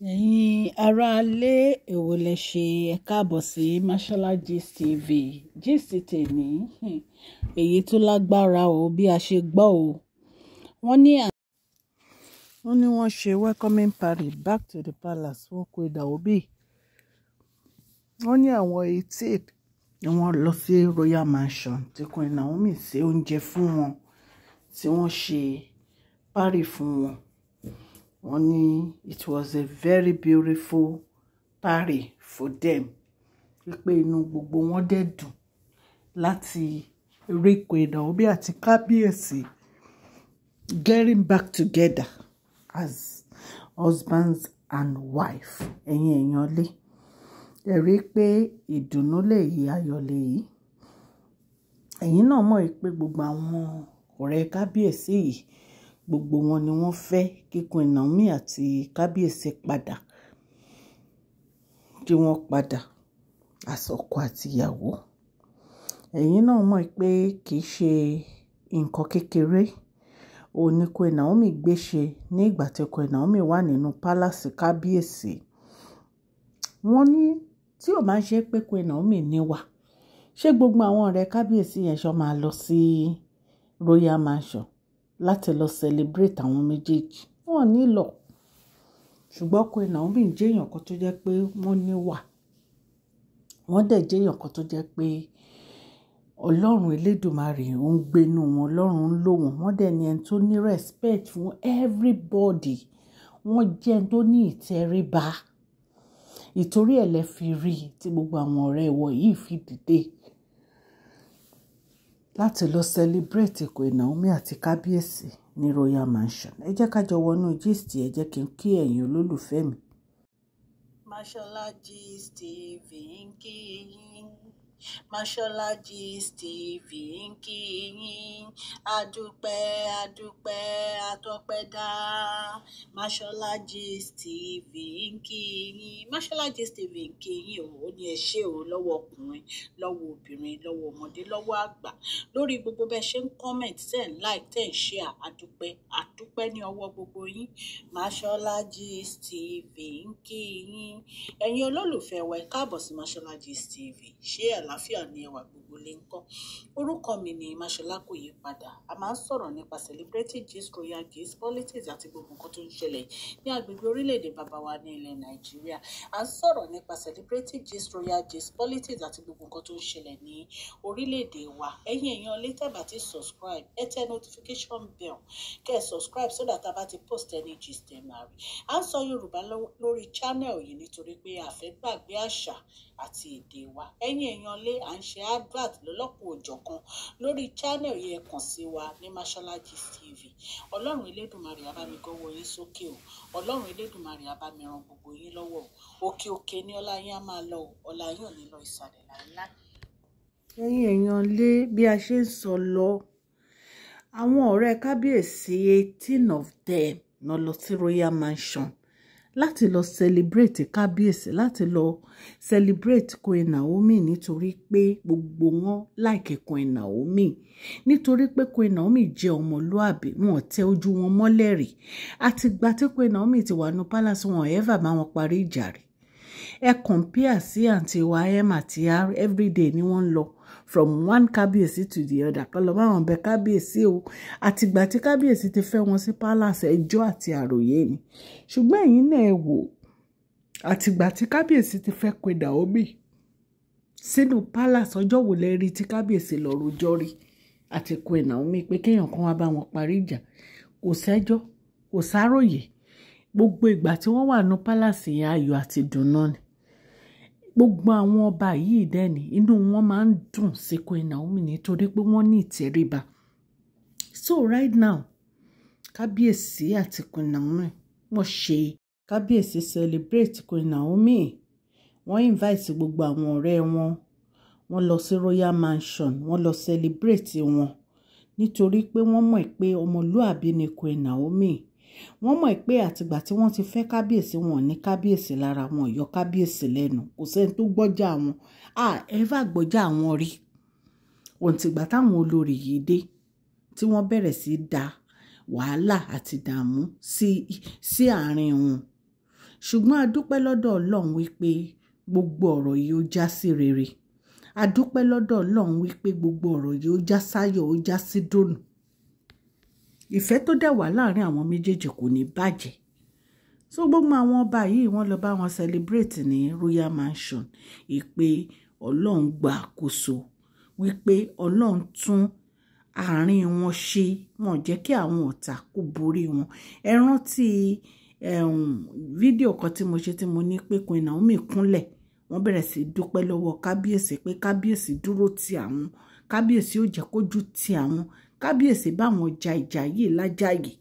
ẹ̀yin aráalé èwo lẹ ṣe ẹ káàbọ̀ sí mashola gist tv gist tèmi hmm, èyí tó lágbára o bí a ṣe gbọ́ o wọ́n ní wọ́n ní wọ́n ṣe welcoming party back to the palace wọ́n pe Daobi wọ́n ní àwọn eighteen ni wọ́n lọ sí royal mansion tí Queen Naomi ṣe oúnjẹ fún wọn tí wọ́n ṣe party fún wọn wọ́n ní it was a very beautiful party for them wípé inú gbogbo wọn dẹ̀ dùn láti eréko Ìdànrè àti kábíyèsí getting back together as husbands and wife ẹ̀yin èèyàn lé ẹ rí i pé ìdùnnú lèyí ayọ̀ lèyí ẹ̀yin náà mọ̀ pé gbogbo àwọn ọ̀rẹ́ kábíyèsí yìí gbogbo wọn ni wọ́n fẹ́ kí Queen Naomi àti kábíyèsí padà kí wọ́n padà àsọkọ àti ìyàwó ẹ̀yin náà mọ̀ pé kì í ṣe nǹkan kékeré òun ni Queen Naomi gbé ṣe ní ìgbà tí Queen Naomi wà nínú pálásì kábíyèsí wọ́n ní tí ò máa ṣe pé Queen Naomi níwà ṣé gbogbo àwọn ọ̀rẹ́ kábíyèsí yẹn ṣọ máa lọ sí royal mansion láti lọ celebrate àwọn méjèèjì wọ́n ní lọ ṣùgbọ́n Queen Naomi jẹ́ èèyàn kan tó jẹ́ pé wọ́n níwà wọ́n dẹ̀ jẹ́ èèyàn kan tó jẹ́ pé ọlọ́run elédùnmarè ń gbénu wọn ọlọ́run ń lò wọ́n wọ́n dẹ̀ ní ẹni tó ní respect fún everybody wọ́n jẹ́ ẹni tó ní ìtẹríba ìtorí ẹ̀ lẹ fi rí i tí gbogbo àwọn ọ̀rẹ́ wọ fi dìde láti lọ celebrate ìkó Naomi àti kábíyèsí ní Royal Mansion ẹ jẹ́ ká jọ wọnú gist ẹ jẹ́ kí n kí ẹ̀yin olólùfẹ́ mi. Mashola Gist TV ń kí yín Mashola Gist TV ń kí yín adúpẹ́ adúpẹ́ atọ́pẹ́dá Mashola Gist TV ń kí yín Mashola Gist TV ń kí yín òun ni ẹ ṣé o lọ́wọ́ ọkùnrin lọ́wọ́ obìnrin lọ́wọ́ ọmọdé lọ́wọ́ àgbà lórí gbogbo bẹ́ẹ̀ ṣe ń comment tẹ̀ ń like tẹ̀ ń share adúpẹ́ adúpẹ́ ní ọwọ́ gbogbo yín Mashola Gist TV ń kí yín ẹ̀yin olólùfẹ́ wa ẹ káàbọ̀ sí Mashola Gist TV share àlàáfíà ni ẹwà gbogbo lè ń kọ́ orúkọ mi ni Máṣọlá kò yí padà a máa ń sọ̀rọ̀ nípa celebrity gist royal gist politics àti gbogbo nǹkan tó ń ṣẹlẹ̀ ní agbègbè orílẹ̀-èdè bàbá wa ní ilẹ̀ Nàìjíríà a ń sọ̀rọ̀ nípa celebrity gist royal gist politics àti gbogbo nǹkan tó ń ṣẹlẹ̀ ní orílẹ̀-èdè wa ẹ̀yin èèyàn lè tẹ̀bà ti subscribe ẹ tẹ notification bell kẹ́ ẹ subscribe so that a ti post any gist ẹ̀ máa rí à ń sọ Yorùbá lórí channel yìí nítorí pé a fẹ́ gbàgbé àṣà àti èdè wa ẹ̀yin èèyàn lé à ń ṣe advert lọ́lọ́kùn òjọ̀kan lórí channel yẹn kàn sí wa ní masholagist tv ọlọ́run elédùnmarè abami gọ́wọ́ yín sókè o ọlọ́run elédùnmarè abami ran gbogbo yín lọ́wọ́ o òkè òkè ni ọlá yín á máa lọ o ọlá yín ò ní lọ ìsàlẹ̀ láíláí. ẹ̀yin èèyàn lé bí a ṣe ń sọ lọ àwọn ọ̀rẹ́ kábíyèsí eighteen of them lọ lọ sí royal mansion láti lọ celebrate kábíyèsí láti lọ celebrate Queen Naomi nítorí pé gbogbo wọn like Queen Naomi nítorí pé Queen Naomi jẹ́ ọmọlúàbí wọn tẹ ojú wọn mọ́lẹ̀ rí àtìgbà tí Queen Naomi ti wà ní palace wọn ẹ̀ fà wọn parí ìjà rí ẹ compare sí àǹtí wa m àti r everyday ni wọ́n ń lọ from one kábíyèsí to the other kọ́ lọ bá wọn bẹ kábíyèsí o àtìgbà tí kábíyèsí ti fẹ́ wọn sí palace ẹjọ́ àti àròyé ni ṣùgbọ́n ẹ̀yin náà ẹ wò àtìgbà tí kábíyèsí ti fẹ́ pe Naomi sínú palace ọjọ́ wo lẹ rí tí kábíyèsí lọ rojọ́ rí àti pe Naomi pé kéèyàn kan wá bá wọn parí ìjà kò sẹ́jọ́ kò sáròyè gbogbo ìgbà tí wọ́n wà ní palace yẹn ayọ̀ àti dùn náà ni gbogbo àwọn ọba yìí dẹ́ni inú wọn máa ń dùn sí Queen Naomi nítorí pé wọ́n ní ìtẹríba so right now kábíyèsí àti Queen Naomi wọ́n ṣe kábíyèsí celebrate Queen Naomi wọ́n invite gbogbo àwọn ọ̀rẹ́ wọn wọ́n lọ sí royal mansion wọ́n lọ celebrate wọn nítorí pé wọ́n mọ̀ pé ọmọlúàbí ni Queen Naomi wọ́n mọ̀ pé àtìgbà tí wọ́n ti fẹ́ kábíyèsí wọn ní kábíyèsí lára wọn yọ kábíyèsí lẹ́nu kò sẹ́ni tó gbọ́jà wọn à ẹ́fà gbọ́jà wọn rí òǹtìgbà táwọn olórí yìí dé tí wọ́n bẹ̀rẹ̀ sí da wàhálà àti dààmú sí sí àárín wọn ṣùgbọ́n adúpẹ́ lọ́dọ̀ ọlọ́run wípé gbogbo ọ̀rọ̀ yìí ó já sí rere adúpẹ́ lọ́dọ̀ ọlọ́run wípé gbogbo ọ̀rọ̀ yìí ó já sáyọ̀ ó já sí dònù ìfẹ́ tó dẹ̀ wà láàrin àwọn méjèèjì kò ní bàjẹ́ so gbogbo àwọn ọba yìí wọ́n lọ bá wọn celebrate ní royal mansion ìpè ọlọ́run gba àkóso wípé ọlọ́run tún àárín wọn ṣe wọn jẹ́ kí àwọn ọ̀tá kó borí wọn ẹ rántí fídíò kan tí mo ṣe tí mo ní pé Queen Naomi kúnlẹ̀ wọ́n bẹ̀rẹ̀ sí dúpẹ́ lọ́wọ́ kábíyèsí pé kábíyèsí dúró ti àwọn kábíyèsí ò jẹ́ kójú ti àwọn kábíyèsí báwọn ja ìjà yìí lájàyè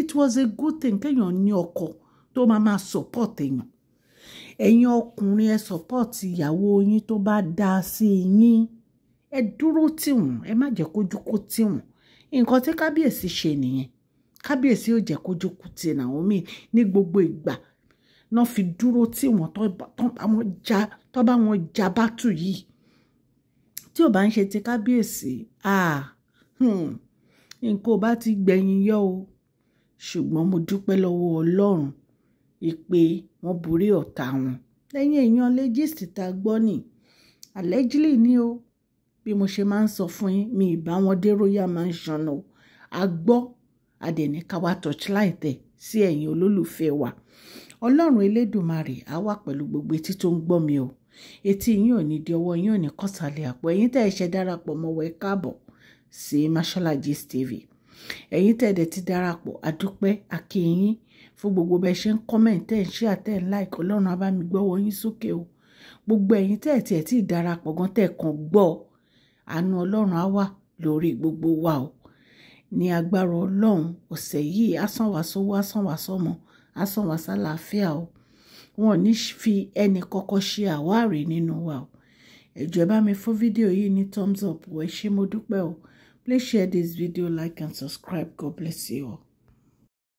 it was a good thing kéèyàn ní ọkọ tó máa máa support èèyàn ẹ̀yin ọkùnrin ẹ support ìyàwó yín tó bá dáa sí yín ẹ dúró tì wọ́n ẹ má jẹ́ kójú kó tì wọ́n nǹkan tí kábíyèsí ṣe nìyẹn kábíyèsí ò jẹ́ kójú kó tì Naomi ní gbogbo ìgbà náà fi dúró tì wọ́n tó bá wọn ja bátù yìí tí ò bá ń ṣe ti kábíyèsí ah Hmm. nǹkan ò bá ti gbẹ̀yìn yọ o ṣùgbọ́n mo dúpẹ́ lọ́wọ́ ọlọ́run ìpè wọn borí ọ̀tá wọn lẹ́yìn èèyàn legist ta gbọ́ nì allegedly ni o bí mo ṣe máa ń sọ fún yín mi ìbá wọn dé royal mansion o a gbọ́ adẹ̀nìkáwá torchlight ẹ̀ sí ẹ̀yin olólùfẹ́ wa ọlọ́run elédùnmarè á wà pẹ̀lú gbogbo etí tó ń gbọ́ mi o etí yín ò ní di ọwọ́ yín ò ní kọ̀sálẹ̀ àpò ẹ̀yin tẹ́ ẹ ṣe darapọ̀ mọ́ wẹ́ káàbọ̀ sí Mashola Gist TV ẹ̀yin tẹ̀dẹ̀ ti darapọ̀ àdúpẹ́ àkíyín fún gbogbo bẹ́ẹ̀ ṣe ń comment ń share àtẹ̀ ń like ọlọ́run á bá mi gbọ́wọ́ yín sókè o gbogbo ẹ̀yin tẹ̀ tiẹ̀ tí ìdarapọ̀ gan tẹ̀ kàn gbọ́ àánú ọlọ́run á wà lórí gbogbo wa o ní agbára ọlọ́run ọ̀sẹ̀ yìí asánwàsówó asánwàsọmọ asánwàsálàáfíà o wọn ò ní fi ẹnì kọ́kọ́ ṣe àwárí nínú wa o ẹ jọ̀ọ́ bá mi fún fídíò yìí ní thumbs up ẹ ṣé mo dúpẹ́ o. please share this video like and subscribe god bless you all